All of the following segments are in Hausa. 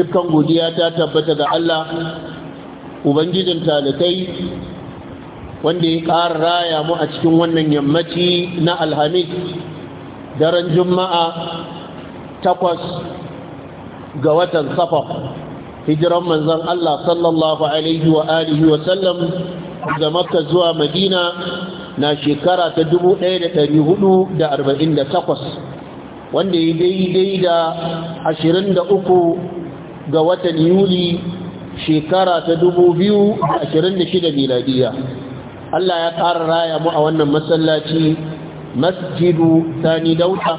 dukkan godiya ta tabbata ga Allah ubangijin talikai wanda ya ƙara raya mu a cikin wannan yammaci na alhamis daren juma'a takwas ga watan Safa. hijiran manzan Allah sallallahu alaihi wa alihi wa sallam da makka zuwa madina na shekara ta 1448 wanda ya daidai da 23 ga watan yuli shekara ta 2026 miladiya Allah ya ƙara raya mu a wannan masallaci masjidu sani dauta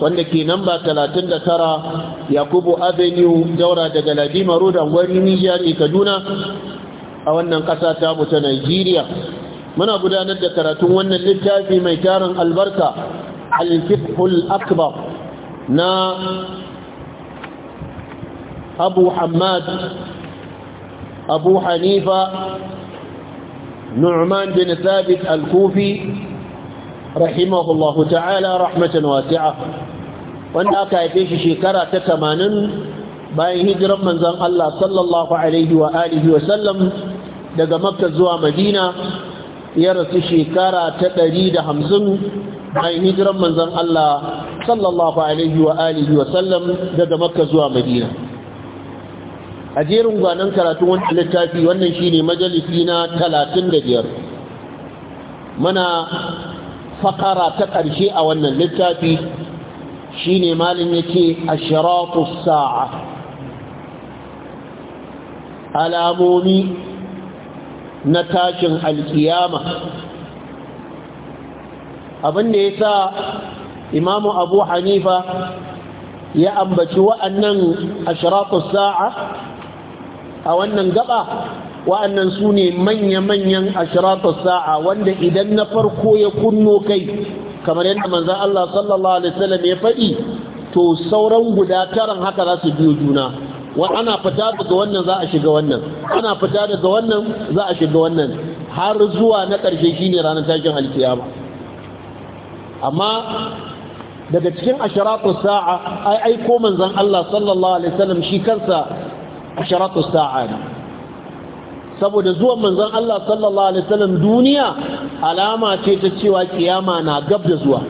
wanda ke namba 39 yakubu avenue daura daga ladima road angwari ne kaduna a wannan ƙasa ta ta nigeria muna gudanar da karatun wannan littafi mai tarin albarka al akbar na أبو حماد أبو حنيفة نعمان بن ثابت الكوفي رحمه الله تعالى رحمة واسعة wanda aka haife shi shekara ta tamanin bayan hijirar manzon Allah sallallahu alaihi wa alihi wa sallam daga makka zuwa madina ya rasu shekara ta ɗari da hamsin bayan hijirar manzon Allah sallallahu alaihi wa alihi wa sallam daga makka zuwa madina a jerin gwanon karatun wani littafi wannan shine majalisi na 35 mana fakara ta ƙarshe a wannan littafi shine malin yake ashiratu sa'a alamomi na tashin alkiyama abinda ya sa imamu abu hanifa ya ambaci wa'annan ashiratu sa'a a wannan gaba wa'annan su ne manya-manyan ashiratus sa'a wanda idan na farko ya kunno kai kamar yadda manzan Allah sallallahu alaihi wasallam ya faɗi to sauran guda taran haka za su biyo juna wa ana fita daga wannan za a shiga wannan ana fita daga wannan za a shiga wannan har zuwa na ƙarshe shine ranar tashin alkiyama amma daga cikin ashiratus sa'a ai aiko manzan Allah sallallahu alaihi wasallam shi kansa asharatu sa'a ne saboda zuwan manzon Allah sallallahu alaihi wasallam duniya alama ce ta cewa kiyama na gab da zuwa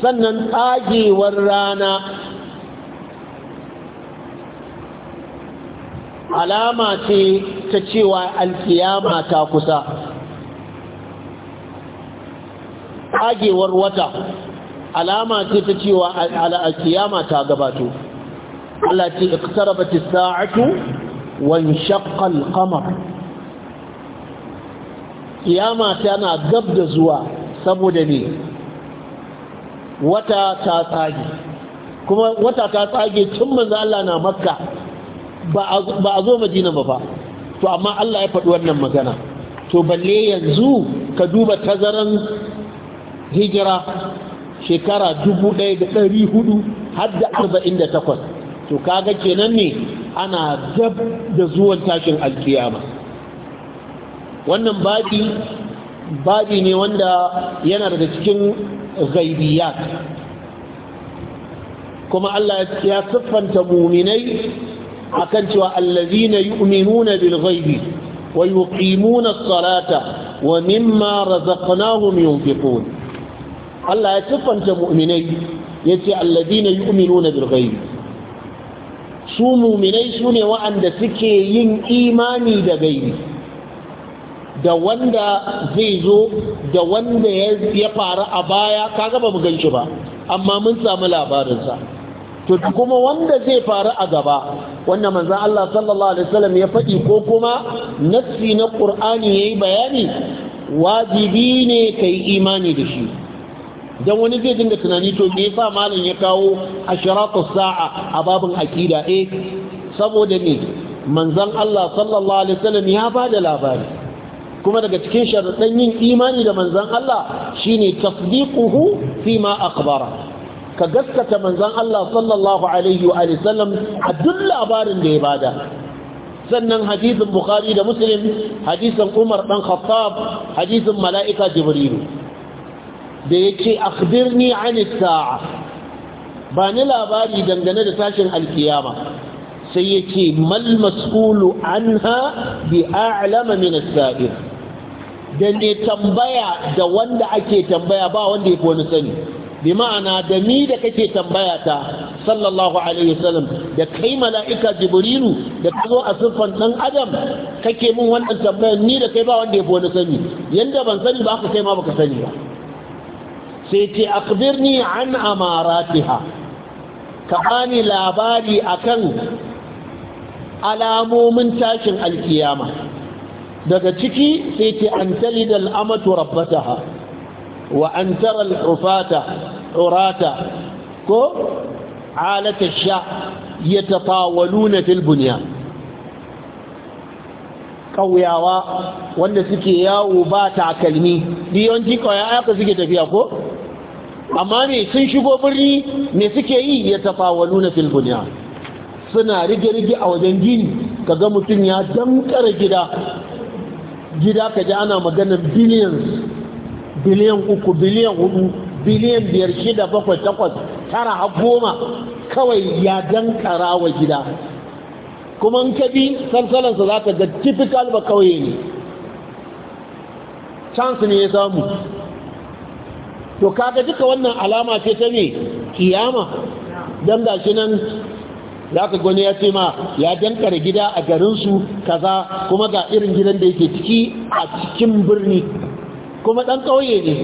sannan tsagewar rana alama ce ta cewa alkiyama ta kusa tsagewar wata alama ce ta cewa alkiyama ta gabato Allah ce iqtarabat as-sa'atu wa inshaqqa al-qamar kiyama tana gab da zuwa saboda ne wata ta tsage kuma wata ta tsage tun manzo Allah na makka ba a zo madina ba fa to amma Allah ya faɗi wannan magana to balle yanzu ka duba tazaran hijira shekara 1448 har da 48 to kaga kenan ne ana gab da zuwan tashin alkiyama wannan babi babi ne wanda yana daga cikin ghaibiyat kuma Allah ya siffanta muminai akan cewa allazina yu'minuna bil ghaibi wa yuqimuna as-salata wa mimma razaqnahum yunfiqun Allah ya siffanta muminai yace allazina yu'minuna bil ghaibi su muminai su ne wa'anda suke yin imani da gaibi da wanda zai zo da wanda ya faru a baya ka gaba mu ganci ba amma mun samu labarinsa to kuma wanda zai faru a gaba wanda manzan Allah sallallahu Alaihi wasallam ya faɗi ko kuma nassi na ƙur'ani ya yi bayani wajibi ne ka yi imani da shi dan wani zai dinga tunani to me yasa malam ya kawo asharatu sa'a a babin aqida eh saboda ne manzon Allah sallallahu alaihi wasallam ya bada labari kuma daga cikin sharadan yin imani da manzon Allah shine tasdiquhu fi ma akhbara ka gaskata manzon Allah sallallahu alaihi wa sallam a duk labarin da ya bada sannan hadisin bukhari da muslim hadisin umar dan khattab hadisin mala'ika jibrilu da yake akhbirni an sa'a ba ni labari dangane da tashin alkiyama sai yake mal mas'ulu anha bi a'lama min as-sa'ir da ne tambaya da wanda ake tambaya ba wanda yake wani sani bi ma'ana da ni da kake tambaya ta sallallahu alaihi wasallam da kai mala'ika jibrilu da kazo a siffan dan adam kake min wannan tambayar ni da kai ba wanda yake wani sani yanda ban sani ba aka kai ma baka sani ba sai ce akbirni an amaratiha ka bani labari akan alamomin tashin alkiyama daga ciki sai ce an talida al'amatu rabbataha wa an tara rufata, urata ko alata sha tafawalu na bunya Ƙauyawa wanda suke yawo ba takalmi biyanci kauyawa aka suke tafiya ko amma ne sun shigo birni ne suke yi ya tafawalu na filbuniya suna rige-rige a wajen gini kaga mutum ya damkara gida gida ka ji ana maganin billions biliyan uku biliyan hudu biliyan biyar shida bakwai takwas tara har goma kawai ya dankarawa wa gida kuma in ka sansalansa za ka ga typical ba ƙauye ne chance ne ya samu to kaga duka wannan alama ce ta ne kiyama dan shi nan za ka gwani ya ce ma ya dankara gida a garinsu kaza kuma ga irin gidan da yake ciki a cikin birni kuma ɗan ƙauye ne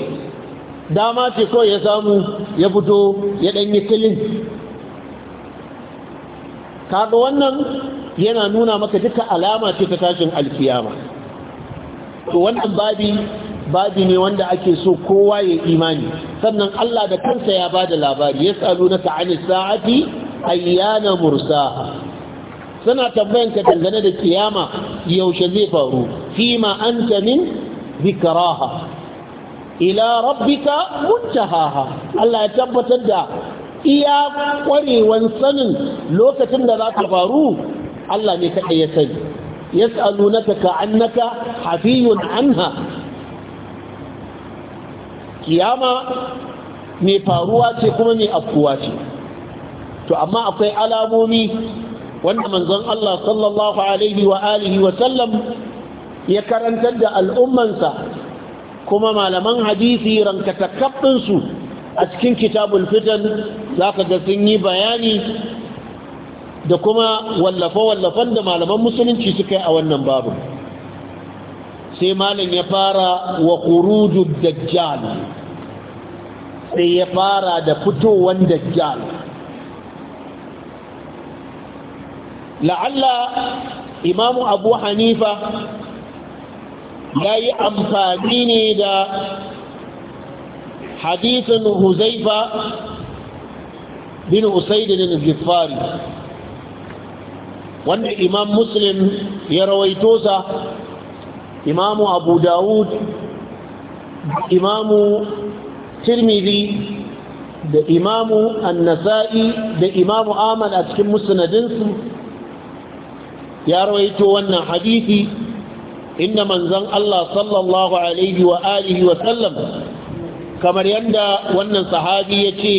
dama ce kawai ya samu ya fito ya ɗanyi kilin kaga wannan yana nuna maka duka alama ce ta tashin alkiyama to wannan babi babi ne wanda ake so kowa ya imani sannan Allah da kansa ya bada labari yasalunaka 'ani sa'ati ayyana mursa. suna tambayanka ka dangane da kiyama yaushe zai faru an anta min zikaraha. ila rabbika muntahaha Allah ya tabbatar da iya kwarewan sanin lokacin da za ta faru Allah ne kaɗai ya sani yas'alunaka ka'annaka hafiyun anha kiyama mai faruwa ce kuma mai afkuwa ce to amma akwai alamomi wanda manzon Allah sallallahu alaihi wa alihi wa sallam ya karantar da al'ummansa kuma malaman hadisi su a cikin kitabul fitan za ka ga sun yi bayani da kuma wallafe-wallafen da malaman musulunci suka yi a wannan babu. sai malam ya fara wa kuruju dajjal sai ya fara da fitowan dajjal la'alla imamu abu hanifa ya yi amfani ne da hadisin huzaifa bin usaidin al wanda imam muslim ya rawaito sa imamu abu dawud imamu tirmidhi da imamu annasa'i da imamu ahmad a cikin musnadinsu ya rawaito wannan hadisi inda manzon Allah sallallahu alaihi wa wa sallam kamar yadda wannan sahabi ce,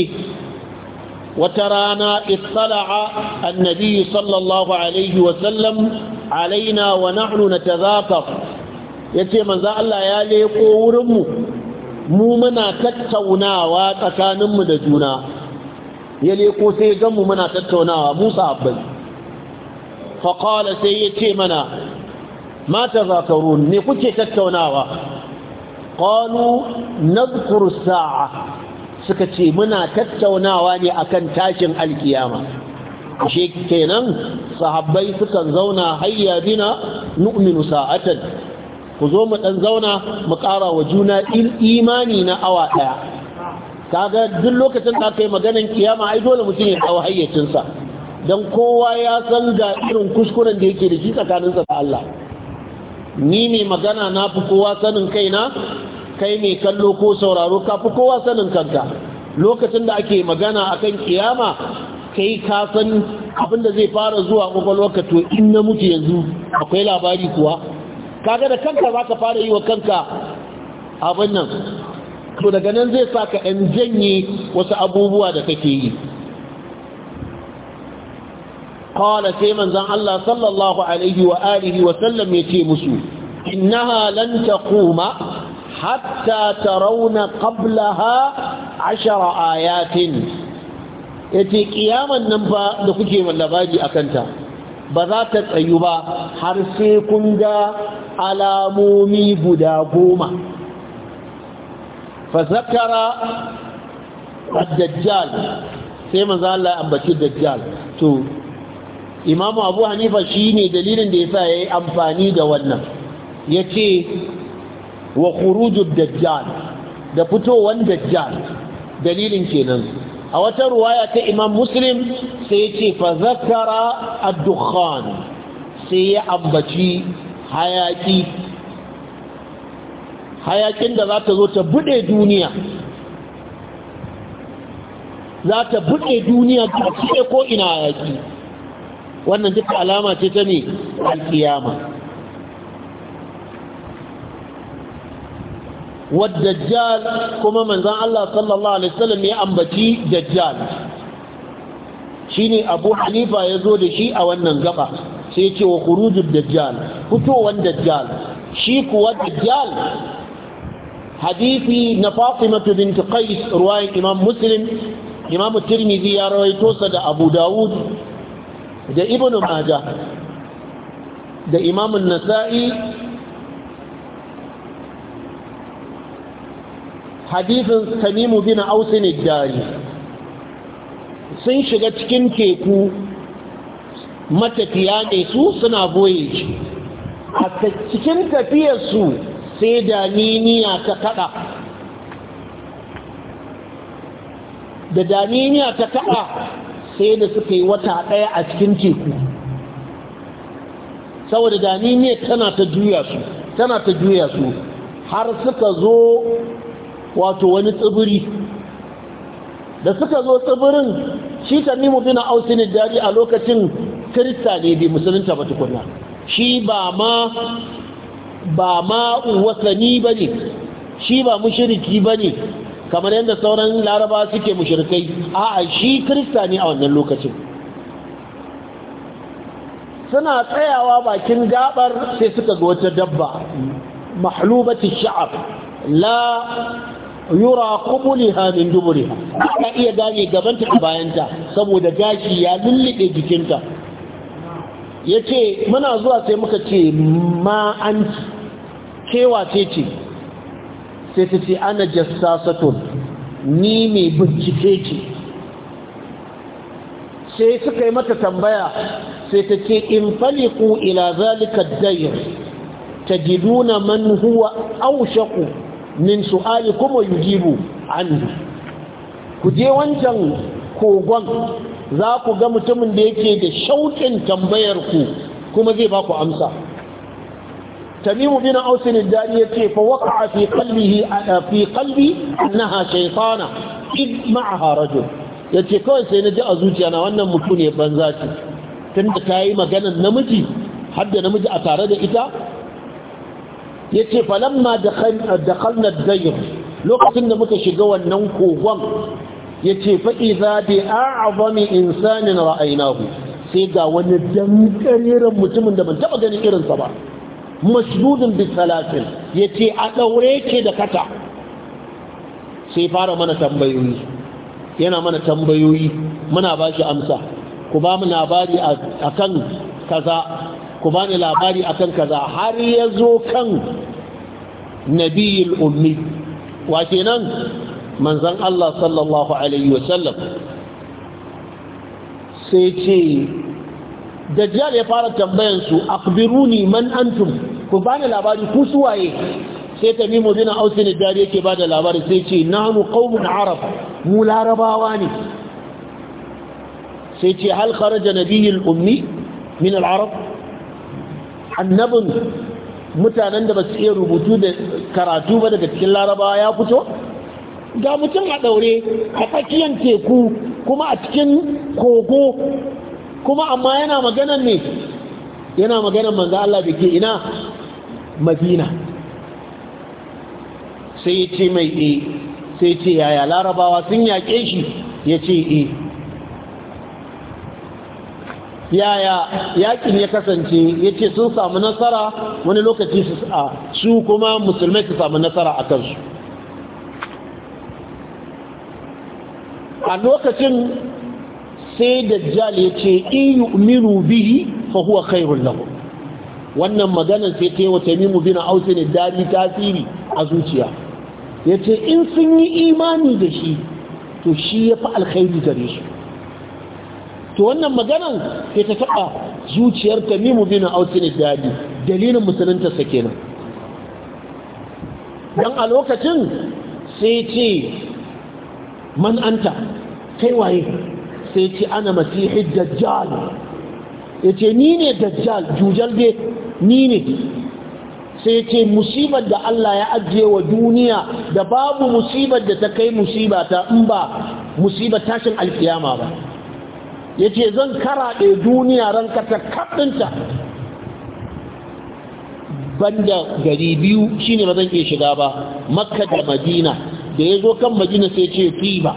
wata rana ittala'a annabi sallallahu alaihi wa sallam alaina wa nahnu ya ce manza Allah ya leko wurinmu mu muna tattaunawa tsakaninmu da juna ya leko sai ya mu muna tattaunawa musa abin. faƙala sai ya ce mana mata zakaru ne kuke tattaunawa ƙalu nazkur sa'a suka ce muna tattaunawa ne akan tashin alkiyama ashe kenan sahabbai sukan zauna hayya bina nu'minu sa'atan ku zo mu ɗan zauna mu ƙara wa juna imani na awa ɗaya kaga duk lokacin da aka yi maganan kiyama ai dole mutum ya kawo hayyacinsa don kowa ya san ga irin kuskuren da yake da shi tsakaninsa da Allah ni ne magana na fi kowa sanin kaina kai mai kallo ko sauraro ka fi kowa sanin kanka lokacin da ake magana akan kiyama kai ka san abin da zai fara zuwa kwakwalwarka to in na mutu yanzu akwai labari kuwa kaga da kanka za ka fara yi wa kanka abin nan to daga nan zai sa ka ɗan janye wasu abubuwa da take yi kawala sai manzan Allah sallallahu alaihi wa wa sallam ya ce musu innaha lan taquma hatta tarawna qablaha ashara ayatin yace kiyaman nan fa da kuke mallabari kanta. ba za ta tsayu ba har sai kun ga alamomi guda goma fazakara dajjal sai maza Allah ambaci dajjal to imamu abu hanifa shine dalilin da yasa yi amfani da wannan ce wa khurujud dajjal da fitowan dajjal dalilin kenan a wata ruwaya ta imam muslim sai ya ce fa zakara sai ya ambaci hayaki hayakin da za ta zo ta bude duniya za ta bude duniya ta ko ina hayaki wannan duka alama ce ta ne alkiyama والدجال كما من ذا الله صلى الله عليه وسلم يأنبتي دجال شيني أبو حنيفة يزود شيء أو الننقبة سيتي وخروج الدجال فتوى الدجال شيك والدجال حديثي نفاطمة بنت قيس رواية إمام مسلم إمام الترمذي يا رويتوس دا أبو داود دا ابن ماجه دا إمام النسائي hadisin tamimu bin ausin dari sun shiga cikin teku matafiya ne su suna voyage a cikin tafiyarsu sai da niniya ta kada da daniniya ta kada sai da suka yi wata daya a cikin teku saboda daniniyar tana ta juya su tana ta juya su har suka zo wato wani tsibiri da suka zo tsibirin shi tamimu bin ausin dari a lokacin kirista ne bai musulunta ba shi ba ma ba ma ba ne shi ba mushiriki ba ne kamar yadda sauran laraba suke mushirikai a shi kirista ne a wannan lokacin suna tsayawa bakin gabar sai suka ga wata dabba mahlubati sha'ab la yura qubuliha min duburi aka iya gane gabanta da bayanta saboda gashi ya lullube jikinta yace muna zuwa sai muka ce ma an kewa ce ce sai ta ce ana jassasatun ni mai bincike ce sai suka yi mata tambaya sai ta ce in faliku ila zalika dayr tajiduna man huwa awshaqu min su'ali kuma yujibu anhu ku je wancan kogon za ku ga mutumin da yake da shauƙin tambayar ku kuma zai ba ku amsa tamimu bin ausin dari ya ce fa waqa'a fi qalbihi fi qalbi annaha shaytana id ma'aha rajul yace kawai sai na ji a zuciyana wannan mutum ne banza ce tunda tayi yi maganar namiji hadda namiji a tare da ita yace falamma dakhalna ad-dayr lokacin da muka shiga wannan kogon yace fa idza bi a'zami insanin ra'aynahu sai ga wani dankareren mutumin da ban taba ganin irinsa ba mashdudun bi salatin yace a daure ke da kata sai fara mana tambayoyi yana mana tambayoyi muna ba shi amsa ku ba mu labari akan kaza ku bani labari akan kaza har ya zo kan nabiyul ummi wa kenan manzon Allah sallallahu alaihi wasallam sai ce dajjal ya fara tambayan su akhbiruni man antum ku bani labari ku suwaye sai tamimu bin ausin dari yake bada labari sai ce nahnu qaumun arab mu larabawa ne sai ce hal kharaja nabiyul ummi min al-arab annabin mutanen da ba su iya rubutu da karatu ba daga cikin larabawa ya fito ga mutum a ɗaure a tsakiyar teku kuma a cikin kogo kuma amma yana maganan ne yana maganan manzo Allah da ke ina madina sai ya ce mai e sai ce yaya larabawa sun yaƙe shi ya ce e yaya yakin ya kasance ya ce sun samu nasara wani lokaci su kuma musulmai su samu nasara a kansu a lokacin sai dajjal ya ce in yu'minu bihi fa huwa khairul wannan maganar sai ta yi wa tamimu bin ausin dadi tasiri a zuciya ya ce in sun yi imani da shi to shi ya fi alkhairi gare shi to wannan maganan sai ta taɓa zuciyar tamimu bin ausin dadi dalilin musuluntarsa kenan don a lokacin sai ce man anta kai waye sai ce ana masihi dajjal ya ce ni ne dajjal jujal dai ni ne sai ce musibar da Allah ya ajiye wa duniya da babu musibar da ta kai musibata in ba musibar tashin alkiyama ba ya ce zan karaɗe duniya ranka ta kaɗinta banda gari biyu shine ba zan iya shiga ba makka da madina da ya zo kan madina sai ce fi ba.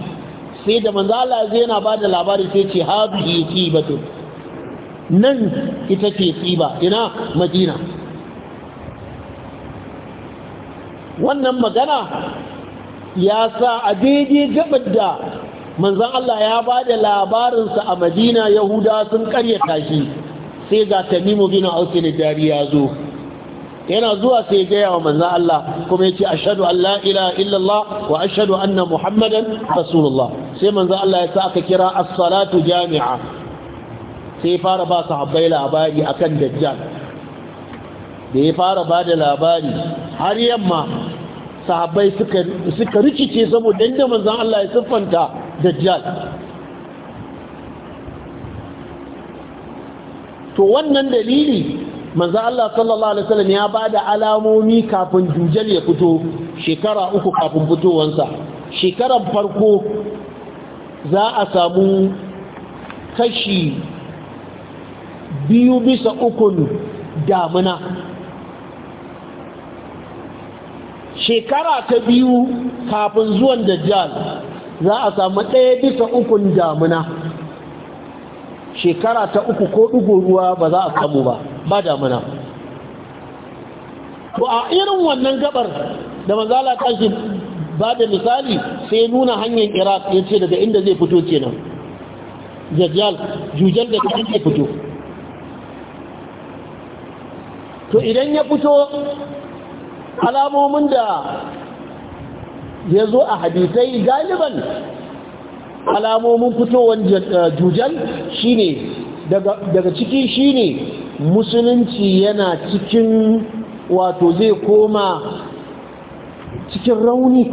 sai da manzala zai yana ba da labari sai ce haɗu ba to nan ita ce ba, ina madina wannan magana ya sa a daidai gabar da manzon Allah ya ba da labarinsa a madina yahuda sun karyata shi sai ga tamimu bin ausin dari ya zo yana zuwa sai gaya wa manzon Allah kuma yace ce an la ilaha illallah wa ashhadu anna muhammadan rasulullah sai manzon Allah ya sa aka kira as-salatu jami'a sai fara ba sahabbai labari akan dajjal da ya fara ba da labari har yamma sahabbai suka rikice saboda inda manzon Allah ya siffanta dajjal to wannan dalili manzo Allah sallallahu alaihi wasallam ya bada alamomi kafin dujal ya fito shekara uku kafin fitowansa shekarar farko za a samu kashi biyu bisa ukun damuna shekara ta biyu kafin zuwan dajjal za a samu ɗaya bisa ukun damuna shekara ta uku ko ɗugo ruwa ba za a samu ba ba damuna to a irin wannan gabar da manzala shi ba da misali sai nuna hanyar iraq ya ce daga inda zai fito kenan jajjal jujjal da kan zai fito to idan ya fito alamomin da ya zo a hadisai galiban alamomin fitowar eh, jujal shine daga ciki shine musulunci yana cikin wato zai koma cikin rauni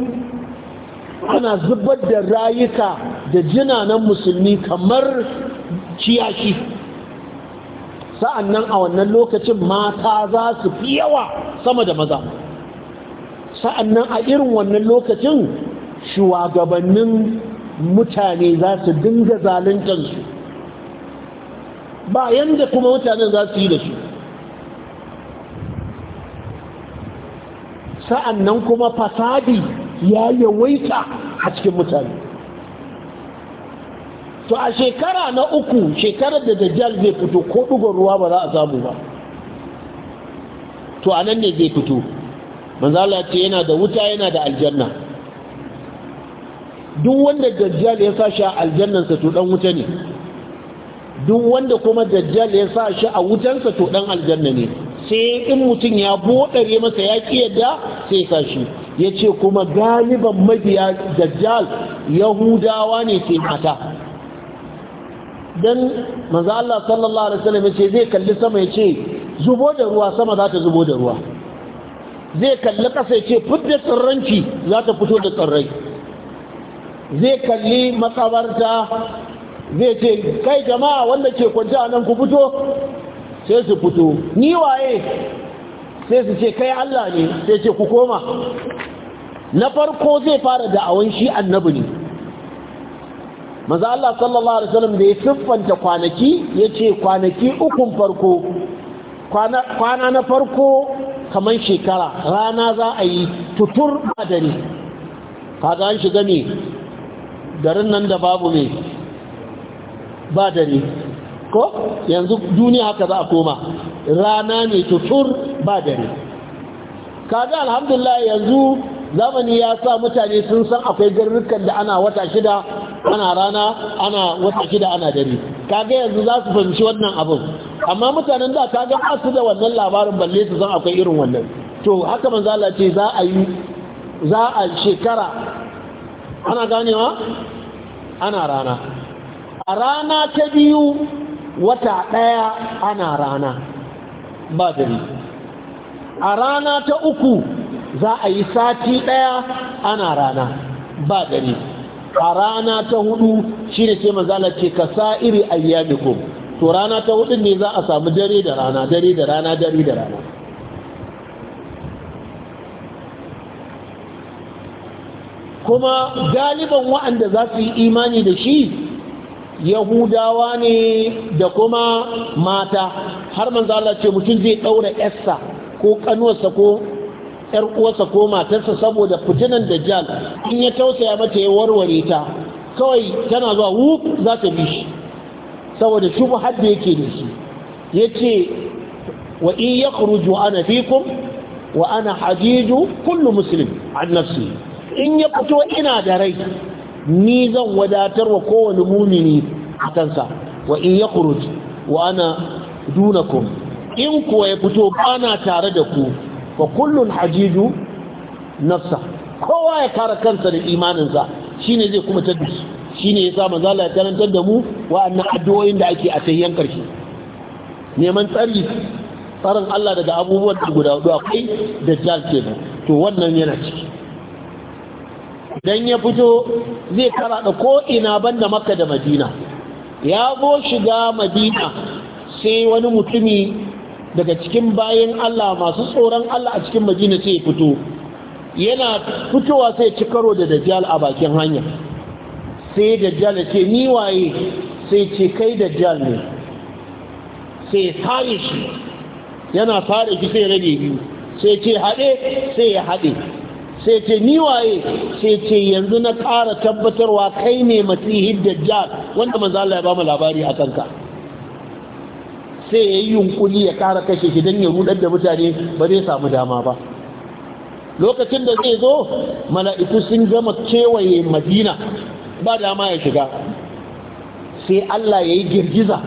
ana zubar da rayuka da jinanan musulmi kamar ciyashi sa'annan a wannan lokacin mata za su fi yawa sama da maza sa'annan a irin wannan lokacin shugabannin mutane za su dinga zaluntansu ba yanda kuma mutanen za su yi da su sa'annan kuma fasadi ya yawaita a cikin mutane to a shekara na uku shekarar da dajjal zai fito ko ɗugon ruwa ba za a samu ba to a nan ne zai fito manzo ce yana da wuta yana da aljanna duk wanda dajjal ya sa shi a aljannansa to dan wuta ne duk wanda kuma dajjal ya sa shi a wutansa to dan aljanna ne sai in mutum ya bodare masa ya ki yadda sai sa shi yace kuma galiban mabiya dajjal yahudawa ne sai mata dan manzo Allah sallallahu alaihi wasallam yace zai kalli sama yace zubo da ruwa sama za ta zubo da ruwa zai kalli ƙasa ya ce fudda tsirranki za ta fito da tsirrai zai kalli makabarta zai ce kai jama'a wanda ke kwanci a nan ku fito sai su fito ni waye sai su ce kai Allah ne sai ce ku koma na farko zai fara da'awan shi annabi ne maza Allah sallallahu alaihi wasallam da ya siffanta kwanaki yace kwanaki ukun farko kwana na farko kamar shekara rana za a yi tutur a dare kaga an shiga ne garin nan da babu ne ba dare ko yanzu duniya haka za a koma rana ne tutur ba dare kaga alhamdulillah yanzu zamani ya sa mutane sun san akwai garurrukan da ana wata shida ana rana ana wata shida ana dare kaga yanzu za su fahimci wannan abin amma mutanen da ka ga asu da wannan labarin balle su san akwai irin wannan to haka man zala ce za a yi za a shekara ana ganewa ana rana a rana ta biyu wata ɗaya ana rana ba dare a rana ta uku za a yi sati ɗaya ana rana ba dare a rana ta hudu shi ne ce manzala ce ka sa iri ayyamikum to rana ta hudun ne za a samu dare da rana dare da rana dare da rana kuma galiban wa'anda za su yi imani da shi yahudawa ne da kuma mata har manzo Allah ce mutum zai daura yarsa ko kanuwarsa ko yar uwarsa ko matarsa saboda fitinan dajjal in ya tausaya mata ya warware ta kawai tana zuwa wuf za ta bi shi saboda shubhar da yake da shi ce wa in ya yakhruju ana fikum wa ana hajiju kullu musulun an nafsi in ya fito ina da rai ni zan wadatar wa kowane mumini a kansa wa in ya kuruju wa ana dunakun in kuwa ya fito bana tare da ku fa kullun hajiju nafsa kowa ya kare kansa da imaninsa shi ne zai kuma tabbata ya sa maza Allah ya tarantar da mu wa'annan addu'o'in da ake a yankar karshe neman tsari tsarin Allah daga abubuwan da guda hudu akwai da jal kenan to wannan yana ciki dan ya fito zai karaɗa ko ina banda maka da Madina ya bo shiga Madina sai wani mutumi daga cikin bayan Allah masu tsoron Allah a cikin Madina sai ya fito yana fitowa sai ci karo da dajjal a bakin hanya sai dajjal ya ce ni waye sai ce kai dajjal ne sai sare shi yana sare shi sai rage biyu sai ce haɗe sai ya haɗe sai ce ni waye sai ce yanzu na ƙara tabbatarwa kai ne masihin dajjal wanda manzo Allah ya ba mu labari a kanka sai ya yi yunkuli ya ƙara kashe shi don ya rudar da mutane ba zai samu dama ba lokacin da zai zo mala'iku sun gama kewaye madina ba dama ya shiga sai Allah ya yi girgiza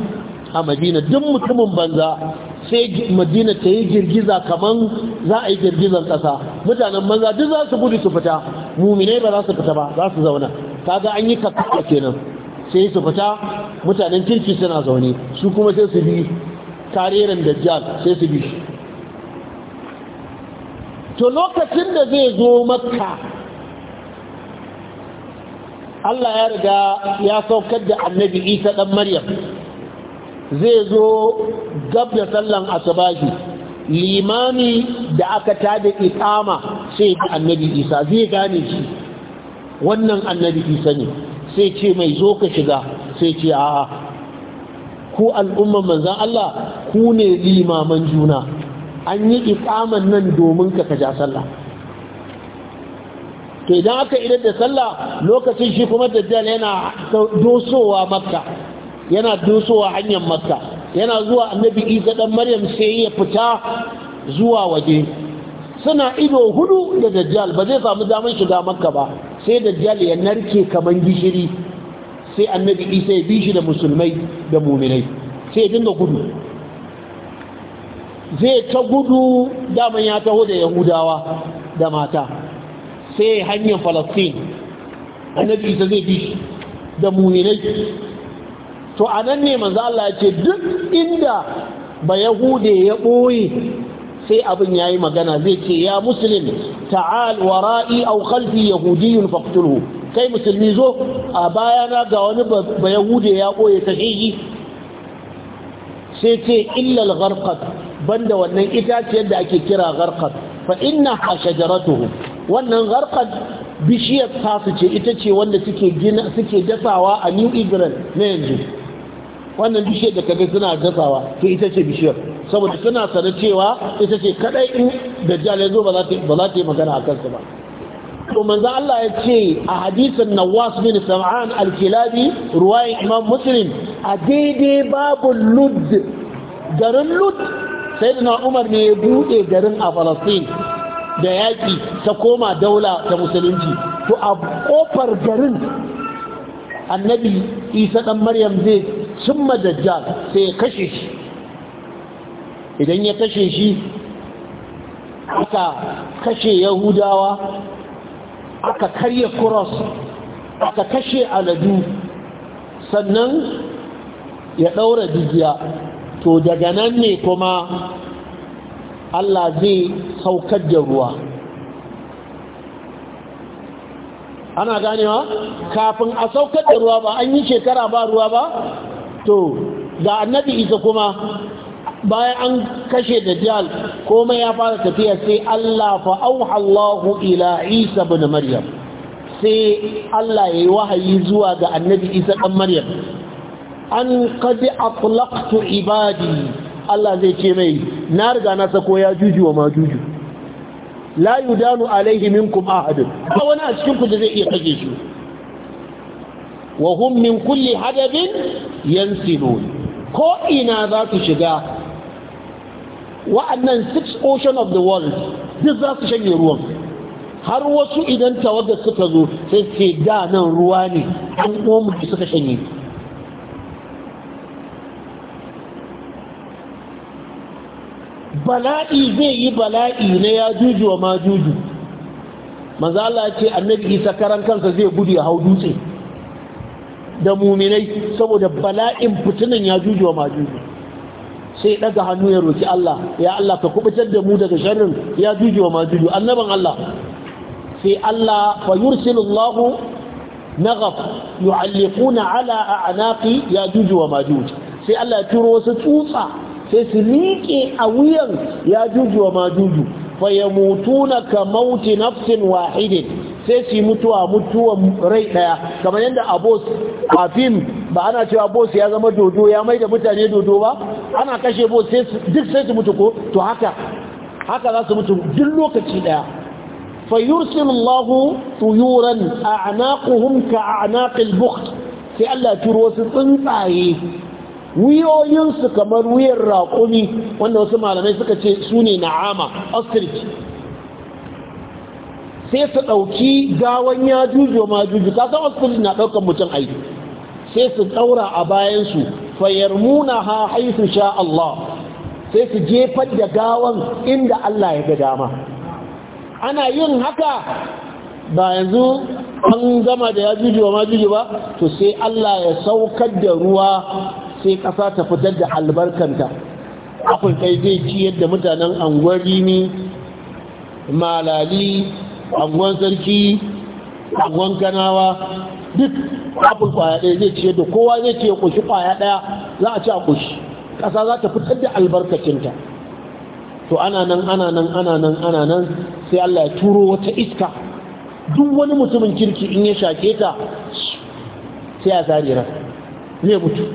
a madina duk mutumin banza sai madina ta yi girgiza kaman za a yi girgizan ƙasa mutanen banza duk za su gudu su fita muminai ba za su fita ba za su zauna kaga an yi kakka kenan sai su fita mutanen kirki suna zaune su kuma sai su bi karerin dajjal sai su bi to lokacin da zai zo makka Allah ya riga ya saukar da annabi isa ɗan maryam zai zo gab da sallan Asabashi, limami da aka tada ikama sai da annabi isa zai gane shi wannan annabi isa ne sai ce mai zo ka shiga sai ce a'a ku al'umman manzan Allah ku ne limaman juna an yi ikaman nan domin ka kaja sallah to idan aka idar da sallah lokacin shi kuma dajjal yana dosowa makka yana dosowa hanyar makka yana zuwa annabi isa dan maryam sai ya fita zuwa waje suna ido hudu da dajjal ba zai samu damar shiga makka ba sai dajjal ya narke kaman gishiri sai annabi isa ya bi shi da musulmai da muminai sai ya dinga gudu zai ta gudu daman ya taho da yahudawa da mata sai hanyar falastin annabi isa zai bi da muminai to a nan ne manzo Allah ya ce duk inda ba yahude ya ɓoye sai abin ya yi magana zai ce ya musulun ta'al ra'i au khalfi yahudiyun faqtulhu kai musulmi zo a bayana ga wani ba yahude ya ɓoye ta shi sai ce illal gharqat banda wannan itaciyar da ake kira gharqat fa inna shajaratuhu wannan garkad bishiyar tasu ce ita ce wanda suke gina suke dasawa a new england na yanzu wannan bishiyar da kaga suna dasawa to ita ce bishiyar saboda suna sanar cewa ita ce kadai in dajjal ya zo ba za ta yi magana a kansu ba to manzo Allah ya ce a hadisin Nawas bin Sam'an al-Kilabi ruwayi Imam Muslim a daidai babu Lud garin Lud sayyidina Umar ne ya bude garin a Palestine da yaƙi ta koma daula ta musulunci to a ƙofar garin annabi isa ɗan maryam zai cimma dajjal sai ya kashe shi idan ya kashe shi aka kashe yahudawa aka karya kuros aka kashe aladu sannan ya ɗaura jijiya to daga nan ne kuma Allah zai saukar da ruwa ana ganewa kafin a saukar da ruwa ba an yi shekara ba ruwa ba to ga annabi isa kuma bayan an kashe da jihar komai ya fara tafiya sai Allah fa'auha Allahu ila isa bin maryam sai Allah ya yi wahayi zuwa ga annabi isa ɗan maryam an kadi atlaqtu ibadi Allah zai ce mai na riga na sako ya juju wa majuju la yudanu alaihi minkum ahad ba wani a cikin ku da zai iya kage shi wa hum min kulli hadabin yansilun ko ina za su shiga wa'annan six ocean of the world duk za su shanye ruwan har wasu idan tawagar suka zo sai ce da nan ruwa ne an kuma suka shanye bala'i zai yi bala'i na ya juju wa ma juju maza Allah ce annabi isa karan kansa zai gudu ya hau dutse da muminai saboda bala'in fitinan ya juju wa ma juju sai daga hannu ya roki Allah ya Allah ka kubutar da mu daga sharrin ya juju wa ma juju annaban Allah sai Allah fa yursilullahu naghaf yu'alliquna ala a'naqi ya juju wa ma juju sai Allah ya turo wasu tsutsa sai su liƙe a wuyan ya juju wa majuju fa ya mutu na ka mauti nafsin wahidin sai su mutuwa mutuwan rai ɗaya kamar yadda abos a fim ba ana cewa bos ya zama dodo ya mai da mutane dodo ba ana kashe bos duk sai su mutu ko to haka haka za su mutu duk lokaci ɗaya فيرسل الله طيورا أعناقهم كأعناق البخت sai Allah turo wasu tsuntsaye wiyoyinsu kamar wuyar raƙumi wanda wasu malamai suka ce su ne na'ama ostrich sai su ɗauki gawan ya juju ma juju ta san ostrich na ɗaukan mutum aiki sai su ɗaura a bayansu fayarmuna ha haisu sha Allah sai su jefar da gawan inda Allah ya ga dama ana yin haka ba yanzu an gama da ya juju ma juju ba to sai Allah ya saukar da ruwa sai ƙasa ta fitar da albarkanta kai zai ci yadda mutanen anguwar rimi malali angon sarki angon kanawa duk abin kwaya ɗaya zai ce da kowa zai ce ya kwaya ɗaya za a ci a kushi ƙasa za ta fitar da albarkacinta to ana nan ana nan ana nan ana nan sai Allah ya turo wata iska duk wani mutumin kirki in ya shake ta sai a zari ran zai mutu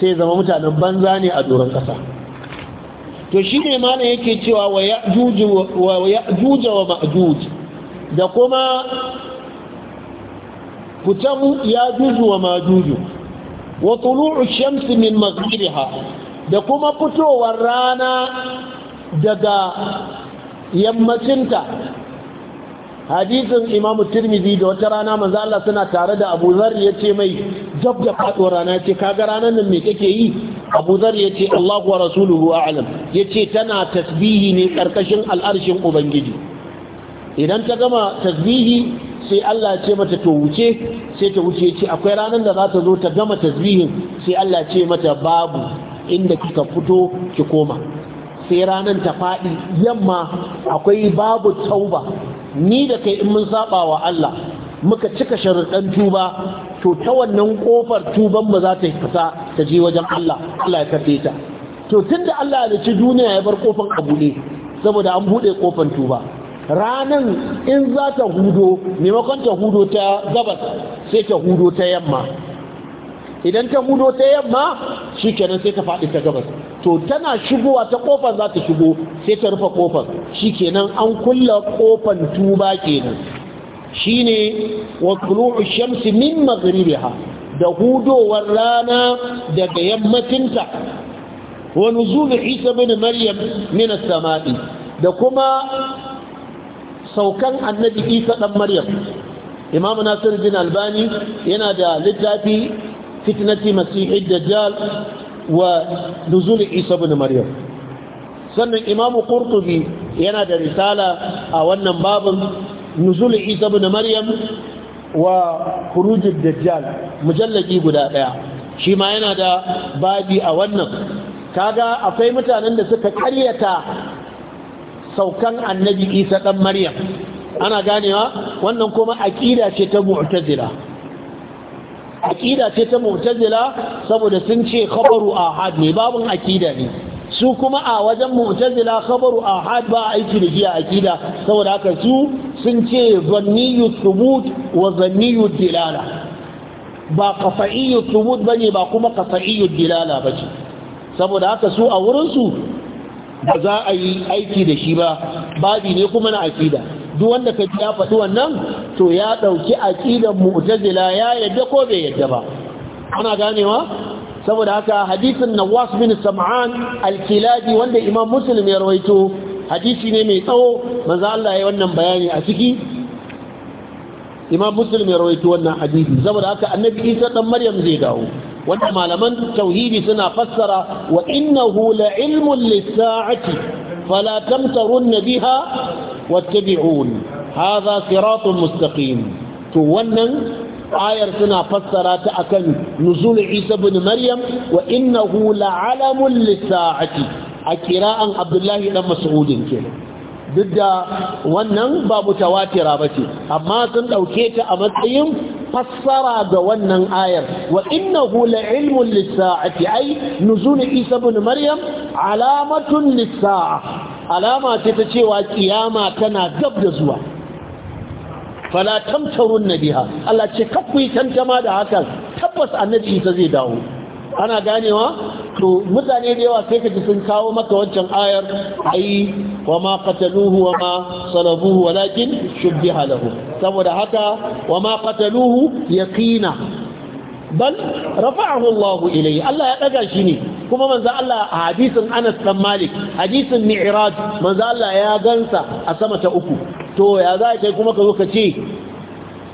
sai zama mutanen banza ne a doron ƙasa to shi ne mana yake cewa wa juja wa ma'ajuj da kuma ya juju wa ma'juju wa tulu'u shamsi min ha. da kuma fitowar rana daga yammacinta hadisin imamu tirmidhi da wata rana manzo Allah suna tare da Abu Zar yace mai jab da faduwar rana yace kaga ranan nan me kake yi Abu Zar yace Allahu wa rasuluhu a'lam yace tana tasbihi ne karkashin al'arshin ubangiji idan ta gama tasbihi sai Allah ya ce mata to wuce sai ta wuce yace akwai ranan da za ta zo ta gama tasbihin sai Allah ya ce mata babu inda kika fito ki koma sai ranan ta faɗi yamma akwai babu tauba ni da kai in mun saba wa Allah muka cika sharuɗan tuba to ta wannan kofar tuban mu za ta fita ta je wajen Allah Allah ya kafe ta to tunda Allah ya ci duniya ya bar kofar a buɗe saboda an buɗe kofar tuba ranan in za ta hudo maimakon ta hudo ta gabas sai ta hudo ta yamma idan ta gudo ta yamma shi kenan sai ta faɗi ta gabas to tana shigowa ta kofar za ta shigo sai ta rufe kofar shi kenan an kulla kofar tuba kenan shi ne wa tulu'u shamsi min maghribiha da hudowar rana daga yammacinta wa nuzulu isa bin maryam min as-sama'i da kuma saukan annabi isa dan maryam imamu nasir bin albani yana da littafi fitnati masihid dajjal wa nuzul isa ibn maryam sannan imamu qurtubi yana da risala a wannan babin nuzul isa ibn maryam wa khurujud dajjal mujallabi guda daya shi ma yana da babi a wannan kaga akwai mutanen da suka karyata saukan annabi isa dan maryam ana ganewa wannan kuma aqida ce ta mu'tazila Aƙida ce ta mu'tazila saboda sun ce khabaru ahad ne babun aƙida ne su kuma a wajen mu'tazila khabaru ahad ba aiki da giya aƙida saboda haka su sun ce zanniyu thubut wa zanniyu dilala ba qafa'iyyu thubut bane ba kuma qafa'iyyu dilala bace saboda haka su a wurin su ba za a yi aiki da shi ba babi ne kuma na aƙida. duk wanda ka ji ya faɗi wannan to ya ɗauki aƙidar mu'tazila ya yadda ko bai yadda ba ana ganewa saboda haka hadisin Nawas bin Sam'an al-Kilabi wanda Imam Muslim ya rawaito hadisi ne mai tsawo manzo Allah ya yi wannan bayani a ciki Imam Muslim ya rawaito wannan hadisi saboda haka Annabi Isa dan Maryam zai dawo wanda malaman tauhidi suna fassara wa innahu la ilmun lis-sa'ati fala tamtarun biha واتبعون هذا صراط مستقيم تو wannan ayar suna fassara ta akan nuzul Isa ibn Maryam wa innahu la'alamul lisaati a kira'an Abdullah ibn Mas'ud ke duk da wannan ba mutawatira bace amma sun dauke ta a matsayin fassara ga wannan ayar wa innahu la'ilmul lisaati ay nuzul Isa ibn Maryam alamatun lisaa alama ce ta cewa kiyama tana gab da zuwa fala tamtarun nabiha Allah ce kakku yi tantama da hakan tabbas annabi isa zai dawo ana ganewa to mutane da yawa sai kaji sun kawo maka wancan ayar ai wa ma qataluhu wa ma salabuhu walakin shubbiha lahu saboda haka wa ma qataluhu yaqina bal rafa'ahu Allah ilayhi Allah ya daga shi ne kuma manzo Allah a hadisin Anas dan Malik hadisin Mi'raj manzo Allah ya gansa a sama ta uku to ya za kai kuma ka zo ka ce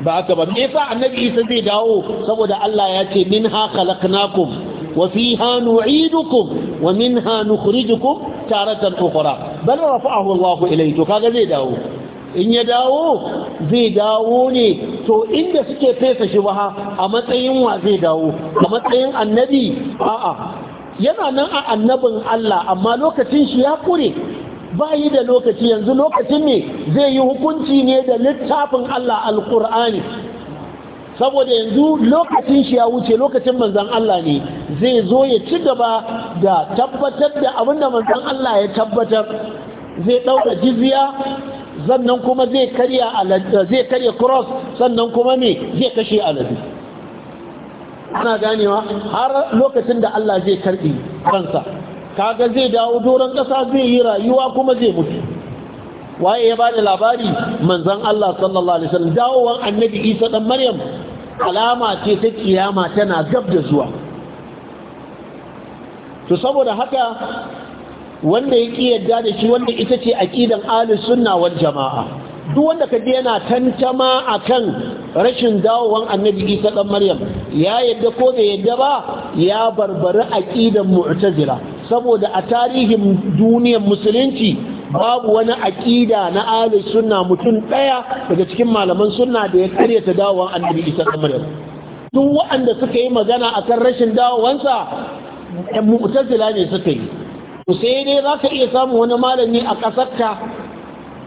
ba aka ba me annabi Isa zai dawo saboda Allah ya ce minha khalaqnakum wa fiha nu'idukum wa minha nukhrijukum taratan ukhra bal rafa'ahu Allah ilayhi to kaga zai dawo in ya dawo zai dawo ne to inda suke fesa shi waha, a matsayin wa zai dawo a matsayin annabi a'a yana nan a annabin Allah amma lokacin shi ya kure bayi da lokaci yanzu lokacin ne zai yi hukunci ne da littafin Allah alkur'ani saboda yanzu lokacin shi ya wuce lokacin manzan Allah ne zai zo ya ci gaba da tabbatar da abinda manzan Allah ya tabbatar zai ɗauka jizya sannan kuma zai karya eh, zai cross sannan kuma me zai kashe alade ana ganewa har lokacin da Allah zai karbi kansa kaga zai dawo doron kasa zai yi rayuwa kuma zai mutu waye ya bada labari manzon Allah sallallahu alaihi wasallam dawowan annabi Isa dan Maryam alama ce ta kiyama tana gab da zuwa to saboda haka wanda ya ki yadda da shi wanda ita ce aƙidan ahlus sunna wal jamaa duk wanda kaje yana tantama a kan rashin dawowan annabi Isa dan Maryam ya yadda ko da yadda ba ya barbari aƙidan mu'tazila saboda a tarihin duniyar musulunci babu wani aƙida na ahlus sunna mutum daya daga cikin malaman sunna da ya karyata dawowan annabi Isa dan Maryam duk waɗanda suka yi magana akan rashin dawowansa mu'tazila ne suka yi Ku sai dai za ka iya samun wani malami a ƙasarka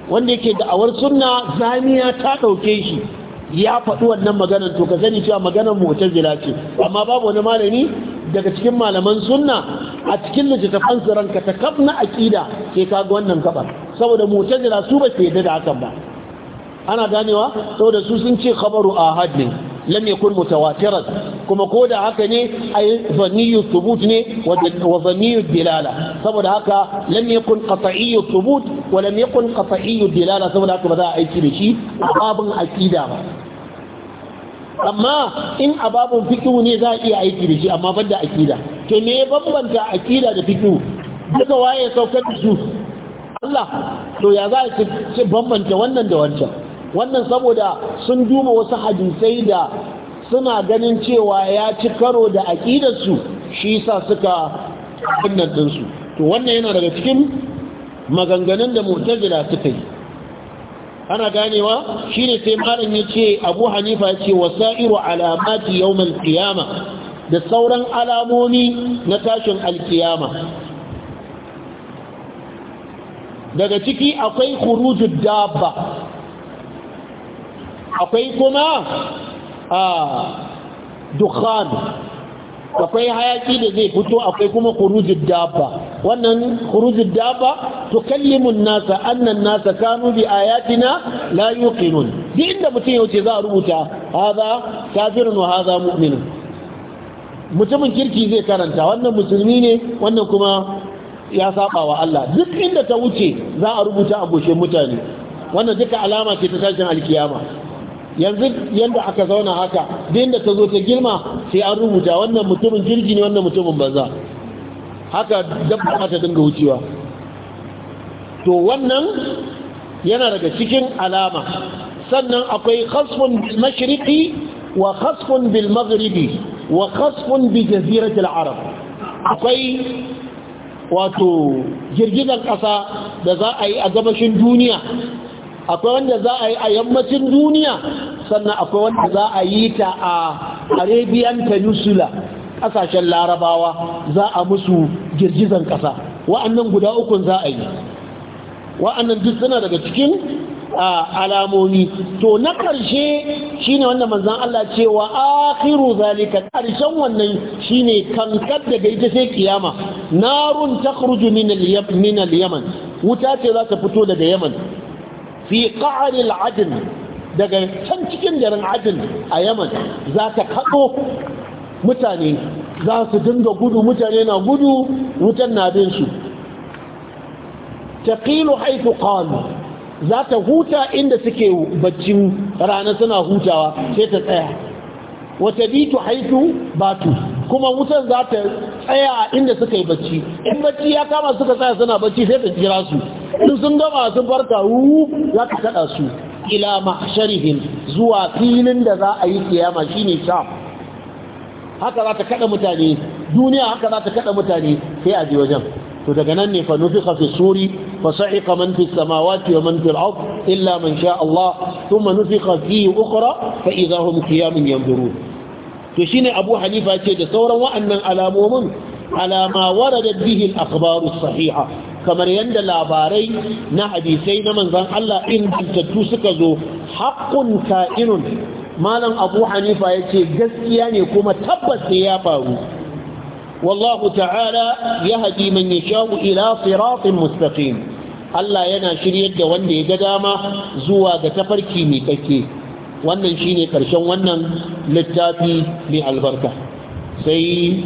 wanda yake da'awar sunna zaniya ta ɗauke shi ya faɗi wannan maganar to ka sani cewa maganar zira ce amma babu wani malami daga cikin malaman sunna a cikin littattafan su ranka ta na aƙida ke kaga wannan kabar saboda zira su ba su yadda da hakan ba ana ganewa saboda su sun ce kabaru a ne lam yakun mutawatiran kuma ko da haka ne ai zanniyu thubut ne wa zanniyu dilala saboda haka lam yakun qat'iyyu thubut wa lam yakun qat'iyyu dilala saboda haka ba za a aiki da shi a babin aqida ba amma in ababun babin ne za a iya aiki da shi amma ban da aqida to me ya bambanta aqida da fiqh daga waye saukar da su Allah to ya za a bambanta wannan da wancan wannan saboda sun duba wasu hadisai da suna ganin cewa ya ci karo da aƙidarsu shi sa suka wannan ɗinsu to wannan yana daga cikin maganganun da mu'tazila suka yi ana ganewa shine sai malam yace Abu Hanifa yace wasairu alamati yawmal kiyama da sauran alamomi na tashin alkiyama daga ciki akwai khurujud dabba akwai kuma a dukhan akwai hayaki da zai fito akwai kuma khurujud dabba wannan khurujud dabba tukallimun nasa annan an-nasa kanu bi ayatina la yuqinun duk inda mutum yace za a rubuta hadha kafirun wa hadha mu'minun mutumin kirki zai karanta wannan musulmi ne wannan kuma ya saba wa Allah duk inda ta wuce za a rubuta a goshe mutane wannan duka alama ce ta tashin alkiyama yanzu yadda aka zauna haka din da ta zo ta girma sai an rubuta wannan mutumin jirgi ne wannan mutumin banza haka dabba ta dinga wucewa to wannan yana daga cikin alama sannan akwai khasfun bil mashriqi wa khasfun bil maghribi wa khasfun bi jazirati al arab akwai wato girgizan kasa da za a yi a gabashin duniya akwai wanda za a yi a yammacin duniya sannan akwai wanda za a yi ta a arabian peninsula ƙasashen larabawa za a musu girgizan ƙasa wa'annan guda ukun za a yi wa'annan duk suna daga cikin alamomi to na ƙarshe shine wanda manzan Allah cewa akhiru zalika ƙarshen wannan shine kankar da ita sai kiyama narun takhruju min al-yaman wuta ce za ta fito daga yaman fi ƙa'aril adin daga can cikin garin adin a yaman za ta kaɗo mutane za su dinga gudu mutane na gudu wutan na bin su taqilu haifu qalu za ta huta inda suke baccin rana suna hutawa sai ta tsaya wata tu haifu batu kuma wutan za ta tsaya inda suka yi bacci in bacci ya kama suka tsaya suna bacci sai ka kira su in sun gama sun farka wu za ka kada su ila mahsharihim zuwa filin da za a yi kiyama ne sham haka za ta kada mutane duniya haka za ta kada mutane sai a je wajen to daga nan ne fa nufiqa fi suri fa sa'iqa man fi samawati wa man fil ard illa man sha Allah thumma nufiqa fi ukhra fa idha qiyamun yanzurun to shine abu hanifa ce da sauran wa'annan alamomin alama waradat bihi al sahiha kamar yadda labarai na hadisai na manzan Allah ingantattu suka zo haqqun ka'inun malam abu hanifa ce gaskiya ne kuma tabbas ya faru wallahu ta'ala yahdi man yasha'u ila firafin mustaqim Allah yana shiryar da wanda ya ga dama zuwa ga tafarki mai kake wannan shine karshen wannan littafi mai albarka sai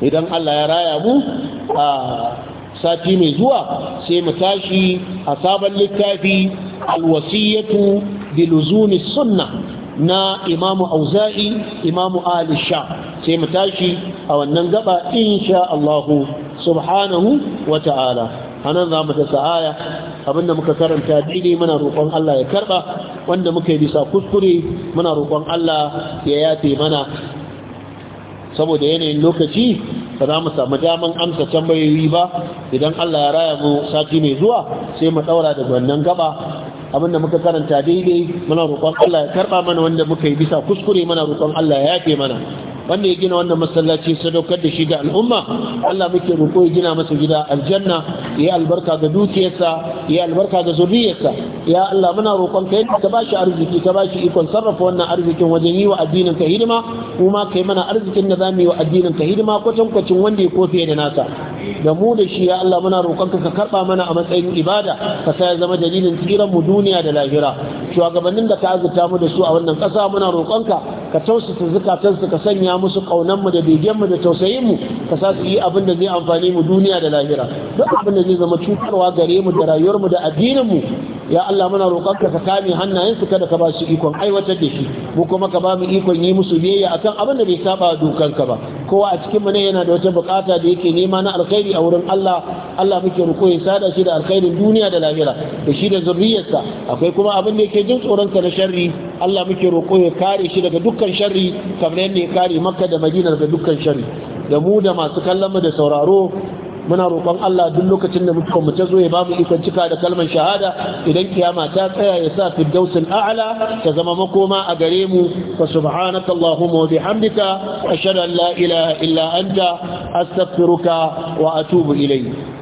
idan Allah ya raya mu a sati mai zuwa sai mu tashi a sabon littafi alwasiyatu luzumi sunna na imamu auza'i imamu ali sha sai mu tashi a wannan gaba insha Allah subhanahu wa ta'ala anan za mu dasa aya abinda muka karanta dini muna roƙon Allah ya karba wanda muka yi bisa kuskure muna roƙon Allah ya yafe mana saboda yanayin lokaci ba za mu samu daman amsa tambayoyi ba idan Allah ya raya mu sati mai zuwa sai mu daura daga wannan gaba abinda muka karanta daidai muna roƙon Allah ya karba mana wanda muka yi bisa kuskure muna roƙon Allah ya yafe mana wanda ya gina wannan masallaci sadaukar da shi ga al'umma Allah muke roƙo ya gina masa gida aljanna yi albarka ga dukiyarsa ya albarka ga zurriyarsa ya Allah muna roƙon ka yadda ka bashi arziki ka bashi ikon sarrafa wannan arzikin wajen yi wa addinin ka hidima kuma kai mana arzikin da zamu yi wa addinin ka hidima kwatan kwacin wanda ya kofe da nasa da mu da shi ya Allah muna roƙon ka ka karba mana a matsayin ibada ka sa ya zama dalilin tsiran mu duniya da lahira shugabannin da ka azurta mu da su a wannan ƙasa muna roƙon ka ka tausasa zukatansu ka sanya musu kaunanmu da begenmu da tausayinmu ka sa su yi abin da zai amfani mu duniya da lahira duk abin da zai zama cutarwa gare mu da rayuwarmu da addininmu ya Allah muna roƙonka ka kame hannayensu kada ka ba su ikon aiwatar da shi mu kuma ka ba mu ikon yi musu biyayya akan abin da bai saba dokanka ba kowa a cikin mu ne yana da wata bukata da yake nema na alkhairi a wurin Allah Allah muke roƙo ya sada shi da alkhairin duniya da lahira da shi da zurriyarsa akwai kuma abin da yake jin tsoron ka na sharri Allah muke roƙo ya kare shi daga dukkan sharri kamar yadda ya kare Makka da Madina daga dukkan sharri da mu da masu kallon mu da sauraro muna roƙon Allah duk lokacin da mutuwar mu ta zo ya bamu ikon cika da kalmar shahada idan kiyama ta tsaya ya sa firdausul a'la ta zama makoma a gare mu fa subhanaka allahumma wa bihamdika ashhadu an la ilaha illa anta astaghfiruka wa atubu ilayk